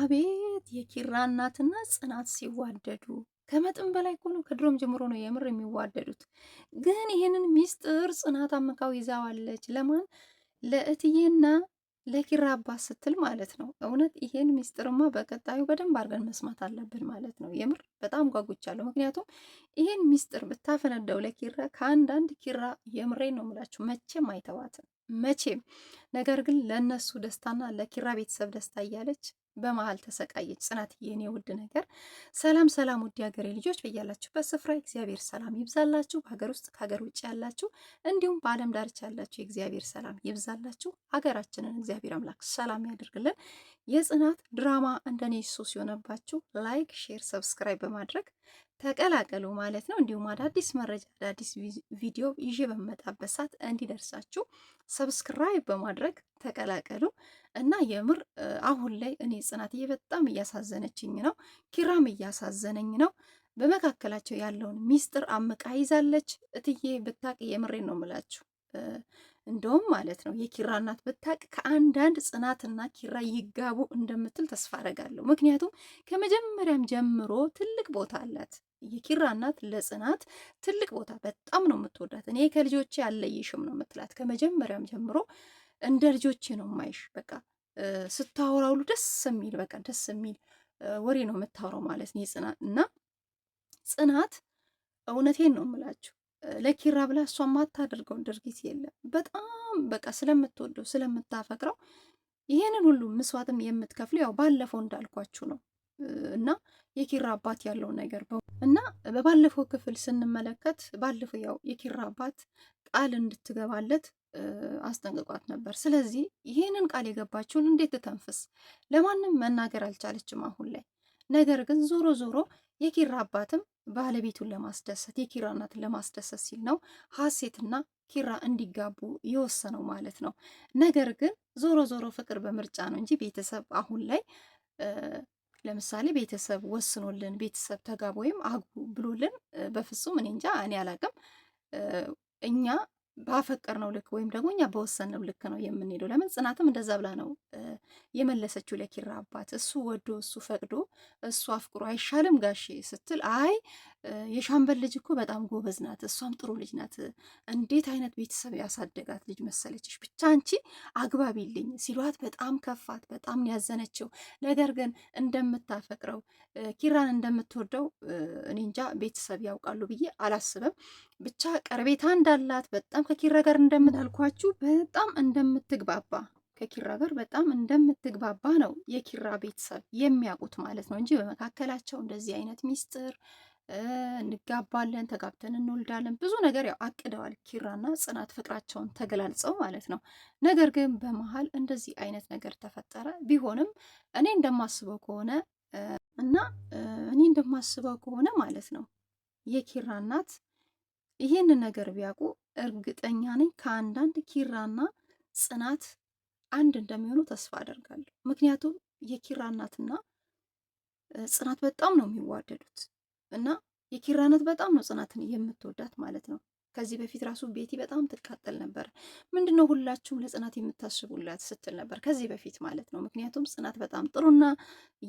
አቤት የኪራ እናትና ጽናት ሲዋደዱ ከመጠን በላይ እኮ ነው። ከድሮም ጀምሮ ነው የምር የሚዋደዱት። ግን ይህንን ሚስጥር ጽናት አመካው ይዛዋለች። ለማን ለእትዬና ለኪራ አባት ስትል ማለት ነው። እውነት ይህን ሚስጥርማ በቀጣዩ በደንብ አድርገን መስማት አለብን ማለት ነው። የምር በጣም ጓጉቻለሁ። ምክንያቱም ይሄን ሚስጥር ብታፈነደው ለኪራ ከአንዳንድ ኪራ የምሬ ነው የምላችሁ መቼም አይተዋትም መቼም። ነገር ግን ለእነሱ ደስታና ለኪራ ቤተሰብ ደስታ እያለች በመሀል ተሰቃየች ጽናት የኔ ውድ ነገር። ሰላም ሰላም፣ ውድ ሀገሬ ልጆች በያላችሁበት ስፍራ እግዚአብሔር ሰላም ይብዛላችሁ። በሀገር ውስጥ ከሀገር ውጭ ያላችሁ እንዲሁም በአለም ዳርቻ ያላችሁ የእግዚአብሔር ሰላም ይብዛላችሁ። ሀገራችንን እግዚአብሔር አምላክ ሰላም ያደርግልን። የጽናት ድራማ እንደኔ ሱስ ሲሆነባችሁ ላይክ፣ ሼር፣ ሰብስክራይብ በማድረግ ተቀላቀሉ ማለት ነው። እንዲሁም አዳዲስ መረጃ አዳዲስ ቪዲዮ ይዤ በመጣበት ሰዓት እንዲደርሳችሁ ሰብስክራይብ በማድረግ ተቀላቀሉ እና የምር አሁን ላይ እኔ ጽናትዬ በጣም እያሳዘነችኝ ነው። ኪራም እያሳዘነኝ ነው። በመካከላቸው ያለውን ሚስጥር አምቃ ይዛለች። እትዬ ብታቅ የምሬን ነው የምላችሁ እንደውም ማለት ነው የኪራ እናት ብታቅ ከአንዳንድ ጽናትና ኪራ ይጋቡ እንደምትል ተስፋ አረጋለሁ። ምክንያቱም ከመጀመሪያም ጀምሮ ትልቅ ቦታ አላት። የኪራ እናት ለጽናት ትልቅ ቦታ በጣም ነው የምትወዳት። እኔ ከልጆቼ አለይሽም ነው የምትላት። ከመጀመሪያም ጀምሮ እንደ ልጆቼ ነው ማይሽ። በቃ ስታወራ ሁሉ ደስ የሚል በቃ ደስ የሚል ወሬ ነው የምታወራው ማለት ነው ጽናት እና ጽናት እውነቴን ነው የምላችሁ ለኪራ ብላ እሷ ማታደርገው ድርጊት የለም። በጣም በቃ ስለምትወደው ስለምታፈቅረው ይሄንን ሁሉ ምስዋትም የምትከፍለው ያው ባለፈው እንዳልኳችሁ ነው እና የኪራ አባት ያለው ነገር እና በባለፈው ክፍል ስንመለከት ባለፈው ያው የኪራ አባት ቃል እንድትገባለት አስጠንቅቋት ነበር። ስለዚህ ይሄንን ቃል የገባችውን እንዴት ትተንፍስ? ለማንም መናገር አልቻለችም አሁን ላይ ነገር ግን ዞሮ ዞሮ የኪራ አባትም ባለቤቱን ለማስደሰት የኪራ እናትን ለማስደሰት ሲል ነው ሀሴትና ኪራ እንዲጋቡ የወሰነው ማለት ነው። ነገር ግን ዞሮ ዞሮ ፍቅር በምርጫ ነው እንጂ ቤተሰብ አሁን ላይ ለምሳሌ ቤተሰብ ወስኖልን ቤተሰብ ተጋብ ወይም አግቡ ብሎልን በፍጹም እኔ እንጃ እኔ አላቅም። እኛ ባፈቀርነው ልክ ወይም ደግሞ እኛ በወሰንነው ልክ ነው የምንሄደው። ለምን ጽናትም እንደዛ ብላ ነው የመለሰችው ለኪራ አባት እሱ ወዶ እሱ ፈቅዶ እሱ አፍቅሮ አይሻልም ጋሼ ስትል አይ የሻምበል ልጅ እኮ በጣም ጎበዝ ናት፣ እሷም ጥሩ ልጅ ናት። እንዴት አይነት ቤተሰብ ያሳደጋት ልጅ መሰለችሽ፣ ብቻ አንቺ አግባቢልኝ ሲሏት በጣም ከፋት፣ በጣም ያዘነችው። ነገር ግን እንደምታፈቅረው ኪራን እንደምትወደው እኔ እንጃ ቤተሰብ ያውቃሉ ብዬ አላስብም። ብቻ ቀረቤታ እንዳላት በጣም ከኪራ ጋር እንደምታልኳችሁ በጣም እንደምትግባባ ከኪራ ጋር በጣም እንደምትግባባ ነው የኪራ ቤተሰብ የሚያውቁት ማለት ነው እንጂ በመካከላቸው እንደዚህ አይነት ሚስጥር እንጋባለን፣ ተጋብተን እንወልዳለን ብዙ ነገር ያው አቅደዋል ኪራና ጽናት ፍቅራቸውን ተገላልጸው ማለት ነው። ነገር ግን በመሀል እንደዚህ አይነት ነገር ተፈጠረ። ቢሆንም እኔ እንደማስበው ከሆነ እና እኔ እንደማስበው ከሆነ ማለት ነው የኪራ እናት ይህን ነገር ቢያውቁ እርግጠኛ ነኝ ከአንዳንድ ኪራና ጽናት አንድ እንደሚሆኑ ተስፋ አደርጋለሁ። ምክንያቱም የኪራ እናትና ጽናት በጣም ነው የሚዋደዱት እና የኪራ እናት በጣም ነው ጽናትን የምትወዳት ማለት ነው። ከዚህ በፊት ራሱ ቤቲ በጣም ትቃጠል ነበር። ምንድነው ሁላችሁም ለጽናት የምታስቡላት ስትል ነበር፣ ከዚህ በፊት ማለት ነው። ምክንያቱም ጽናት በጣም ጥሩና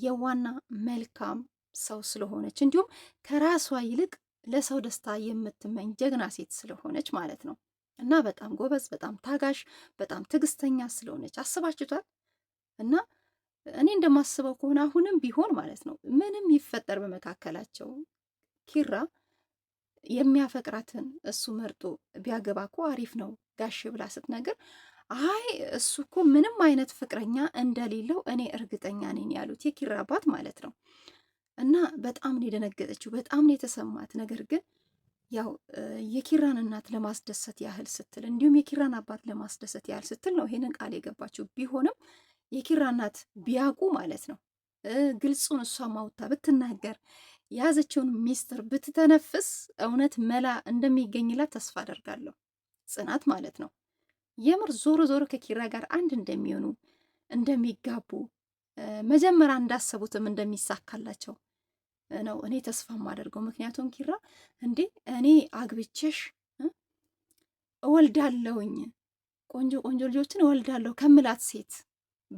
የዋና መልካም ሰው ስለሆነች እንዲሁም ከራሷ ይልቅ ለሰው ደስታ የምትመኝ ጀግና ሴት ስለሆነች ማለት ነው። እና በጣም ጎበዝ፣ በጣም ታጋሽ፣ በጣም ትዕግስተኛ ስለሆነች አስባችቷል። እና እኔ እንደማስበው ከሆነ አሁንም ቢሆን ማለት ነው ምንም ይፈጠር በመካከላቸው ኪራ የሚያፈቅራትን እሱ መርጦ ቢያገባ እኮ አሪፍ ነው ጋሽ ብላ ስትነግር አይ እሱ እኮ ምንም አይነት ፍቅረኛ እንደሌለው እኔ እርግጠኛ ነኝ ያሉት የኪራ አባት ማለት ነው። እና በጣም ነው የደነገጠችው፣ በጣም ነው የተሰማት። ነገር ግን ያው የኪራን እናት ለማስደሰት ያህል ስትል እንዲሁም የኪራን አባት ለማስደሰት ያህል ስትል ነው ይሄንን ቃል የገባችው። ቢሆንም የኪራ እናት ቢያውቁ ማለት ነው ግልጹን እሷ ማውታ ብትናገር የያዘችውን ሚስጥር ብትተነፍስ እውነት መላ እንደሚገኝላት ተስፋ አደርጋለሁ። ጽናት ማለት ነው የምር ዞሮ ዞሮ ከኪራ ጋር አንድ እንደሚሆኑ እንደሚጋቡ መጀመሪያ እንዳሰቡትም እንደሚሳካላቸው ነው እኔ ተስፋ የማደርገው። ምክንያቱም ኪራ እንዴ እኔ አግብቼሽ እወልዳለሁኝ ቆንጆ ቆንጆ ልጆችን እወልዳለሁ ከምላት ሴት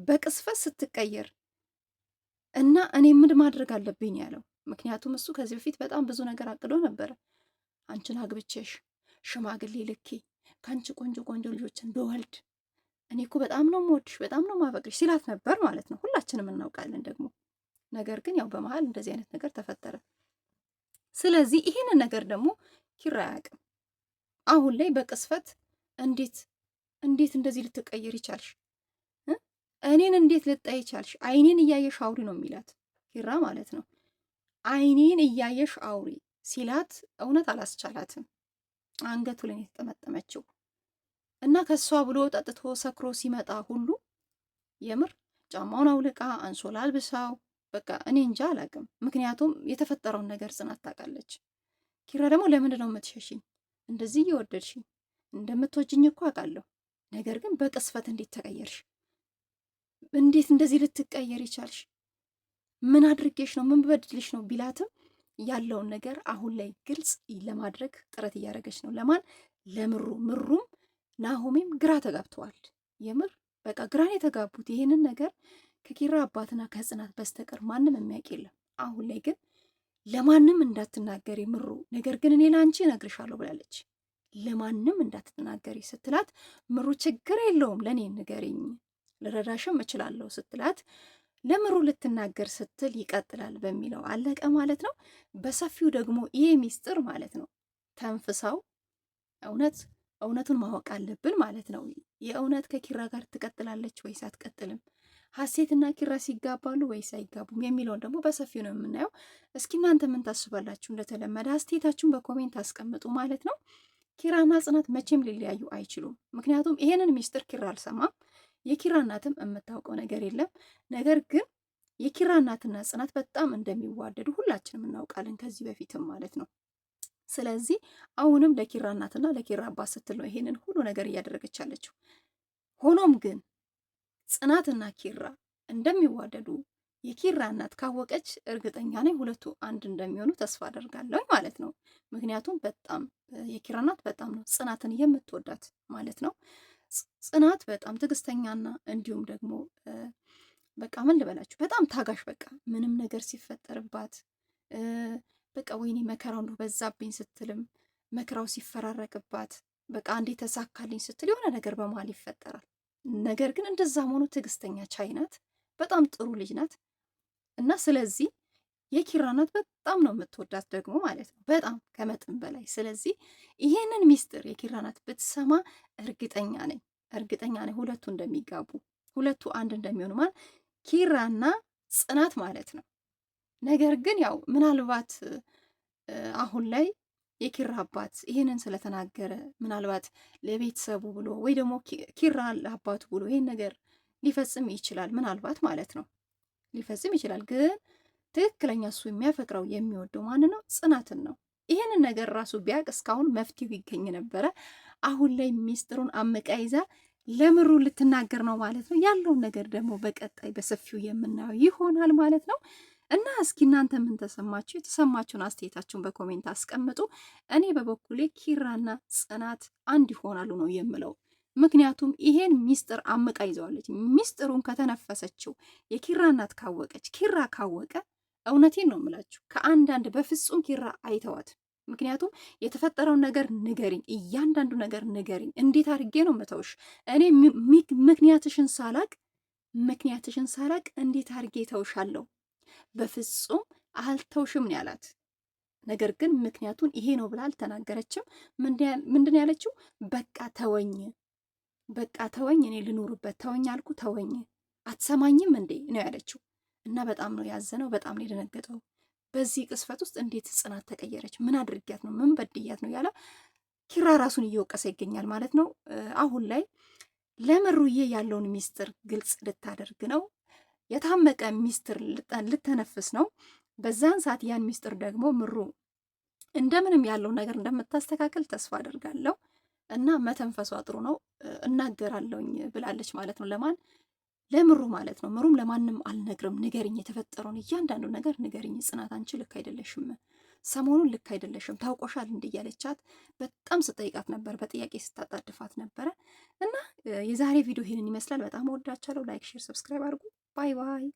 በቅስፈት ስትቀየር እና እኔ ምን ማድረግ አለብኝ ያለው። ምክንያቱም እሱ ከዚህ በፊት በጣም ብዙ ነገር አቅዶ ነበረ። አንቺን አግብቼሽ ሽማግሌ ልኬ ከአንቺ ቆንጆ ቆንጆ ልጆችን ብወልድ እኔ እኮ በጣም ነው የምወድሽ፣ በጣም ነው የማፈቅርሽ ሲላት ነበር ማለት ነው። ሁላችንም እናውቃለን ደግሞ ነገር ግን ያው በመሀል እንደዚህ አይነት ነገር ተፈጠረ። ስለዚህ ይህንን ነገር ደግሞ ኪራ አያውቅም። አሁን ላይ በቅስፈት እንዴት እንዴት እንደዚህ ልትቀየር ይቻልሽ? እኔን እንዴት ልታይ ይቻልሽ? አይኔን እያየሽ አውሪ ነው የሚላት ኪራ ማለት ነው። አይኔን እያየሽ አውሪ ሲላት እውነት አላስቻላትም። አንገቱ ላይ የተጠመጠመችው እና ከሷ ብሎ ጠጥቶ ሰክሮ ሲመጣ ሁሉ የምር ጫማውን አውልቃ አንሶላ አልብሳው በቃ እኔ እንጃ አላቅም። ምክንያቱም የተፈጠረውን ነገር ጽናት ታውቃለች። ኪራ ደግሞ ለምንድን ነው የምትሸሽኝ? እንደዚህ እየወደድሽኝ እንደምትወጅኝ እኮ አውቃለሁ። ነገር ግን በቅስፈት እንዴት ተቀየርሽ? እንዴት እንደዚህ ልትቀየር ይቻልሽ? ምን አድርጌሽ ነው? ምን በድልሽ ነው? ቢላትም ያለውን ነገር አሁን ላይ ግልጽ ለማድረግ ጥረት እያደረገች ነው። ለማን? ለምሩ። ምሩም ናሆሜም ግራ ተጋብተዋል። የምር በቃ ግራ የተጋቡት ይህንን ነገር ከኪራ አባትና ከህፅናት በስተቀር ማንም የሚያውቅ የለም። አሁን ላይ ግን ለማንም እንዳትናገሪ ምሩ፣ ነገር ግን እኔ ለአንቺ እነግርሻለሁ ብላለች። ለማንም እንዳትናገሪ ስትላት ምሩ ችግር የለውም ለእኔ ንገሪኝ፣ ልረዳሽም እችላለሁ ስትላት ለምሩ ልትናገር ስትል ይቀጥላል በሚለው አለቀ ማለት ነው። በሰፊው ደግሞ ይሄ ሚስጥር ማለት ነው ተንፍሳው እውነት እውነቱን ማወቅ አለብን ማለት ነው። የእውነት ከኪራ ጋር ትቀጥላለች ወይስ አትቀጥልም? ሀሴትና ኪራ ሲጋባሉ ወይስ አይጋቡም የሚለውን ደግሞ በሰፊው ነው የምናየው። እስኪ እናንተ ምን ታስባላችሁ? እንደተለመደ አስተያየታችሁን በኮሜንት አስቀምጡ ማለት ነው። ኪራና ጽናት መቼም ሊለያዩ አይችሉም። ምክንያቱም ይሄንን ሚስጥር ኪራ አልሰማም፣ የኪራ እናትም የምታውቀው ነገር የለም። ነገር ግን የኪራ እናትና ጽናት በጣም እንደሚዋደዱ ሁላችንም እናውቃለን፣ ከዚህ በፊትም ማለት ነው። ስለዚህ አሁንም ለኪራ እናትና ለኪራ አባት ስትል ነው ይሄንን ሁሉ ነገር እያደረገች ያለችው። ሆኖም ግን ጽናትና ኪራ እንደሚዋደዱ የኪራ እናት ካወቀች እርግጠኛ ነኝ ሁለቱ አንድ እንደሚሆኑ ተስፋ አደርጋለሁ ማለት ነው። ምክንያቱም በጣም የኪራ እናት በጣም ነው ጽናትን የምትወዳት ማለት ነው። ጽናት በጣም ትዕግስተኛና እንዲሁም ደግሞ በቃ ምን ልበላችሁ በጣም ታጋሽ በቃ ምንም ነገር ሲፈጠርባት በቃ ወይኔ መከራው ነው በዛብኝ ስትልም መከራው ሲፈራረቅባት በቃ አንዴ ተሳካልኝ ስትል የሆነ ነገር በመሀል ይፈጠራል። ነገር ግን እንደዛም ሆኖ ትዕግስተኛ ቻይ ናት። በጣም ጥሩ ልጅ ናት እና ስለዚህ የኪራ እናት በጣም ነው የምትወዳት ደግሞ ማለት ነው፣ በጣም ከመጠን በላይ። ስለዚህ ይሄንን ሚስጥር የኪራ እናት ብትሰማ እርግጠኛ ነኝ እርግጠኛ ነኝ ሁለቱ እንደሚጋቡ ሁለቱ አንድ እንደሚሆኑ ማለት ኪራና ጽናት ማለት ነው። ነገር ግን ያው ምናልባት አሁን ላይ የኪራ አባት ይህንን ስለተናገረ ምናልባት ለቤተሰቡ ብሎ ወይ ደግሞ ኪራ ለአባቱ ብሎ ይህን ነገር ሊፈጽም ይችላል። ምናልባት ማለት ነው ሊፈጽም ይችላል። ግን ትክክለኛ እሱ የሚያፈቅረው የሚወደው ማን ነው? ጽናትን ነው። ይህንን ነገር ራሱ ቢያቅ እስካሁን መፍትሄው ይገኝ ነበረ። አሁን ላይ ሚስጥሩን አምቃ ይዛ ለምሩ ልትናገር ነው ማለት ነው። ያለውን ነገር ደግሞ በቀጣይ በሰፊው የምናየው ይሆናል ማለት ነው። እና እስኪ እናንተ ምን ተሰማችሁ? የተሰማችሁን አስተያየታችሁን በኮሜንት አስቀምጡ። እኔ በበኩሌ ኪራና ጽናት አንድ ይሆናሉ ነው የምለው። ምክንያቱም ይሄን ሚስጥር አምቃ ይዘዋለች። ሚስጥሩን ከተነፈሰችው የኪራ እናት ካወቀች፣ ኪራ ካወቀ፣ እውነቴን ነው የምላችሁ ከአንዳንድ በፍጹም ኪራ አይተዋትም። ምክንያቱም የተፈጠረውን ነገር ንገሪኝ፣ እያንዳንዱ ነገር ንገሪኝ፣ እንዴት አድርጌ ነው መተውሽ? እኔ ምክንያትሽን ሳላቅ ምክንያትሽን ሳላቅ እንዴት አድርጌ ተውሻለሁ በፍጹም አልተውሽም ነው ያላት። ነገር ግን ምክንያቱን ይሄ ነው ብላ አልተናገረችም። ምንድን ያለችው? በቃ ተወኝ፣ በቃ ተወኝ፣ እኔ ልኑርበት፣ ተወኝ አልኩ፣ ተወኝ፣ አትሰማኝም እንዴ ነው ያለችው። እና በጣም ነው ያዘነው፣ በጣም ነው የደነገጠው። በዚህ ቅስፈት ውስጥ እንዴት ጽናት ተቀየረች? ምን አድርጊያት ነው? ምን በድያት ነው? ያለ ኪራ ራሱን እየወቀሰ ይገኛል ማለት ነው አሁን ላይ ለምሩዬ ያለውን ሚስጥር ግልጽ ልታደርግ ነው። የታመቀ ሚስጥር ልተነፍስ ነው። በዛን ሰዓት ያን ሚስጥር ደግሞ ምሩ እንደምንም ያለው ነገር እንደምታስተካከል ተስፋ አደርጋለሁ እና መተንፈሷ ጥሩ ነው እናገራለሁኝ ብላለች ማለት ነው። ለማን ለምሩ ማለት ነው። ምሩም ለማንም አልነግርም፣ ንገርኝ፣ የተፈጠረውን እያንዳንዱ ነገር ንገርኝ ጽናት፣ አንቺ ልክ አይደለሽም፣ ሰሞኑን ልክ አይደለሽም፣ ታውቆሻል እንዲህ እያለቻት በጣም ስጠይቃት ነበር፣ በጥያቄ ስታጣድፋት ነበረ እና የዛሬ ቪዲዮ ይህንን ይመስላል። በጣም ወዳቻለሁ። ላይክ፣ ሼር፣ ሰብስክራይብ አድርጉ። Bye bye.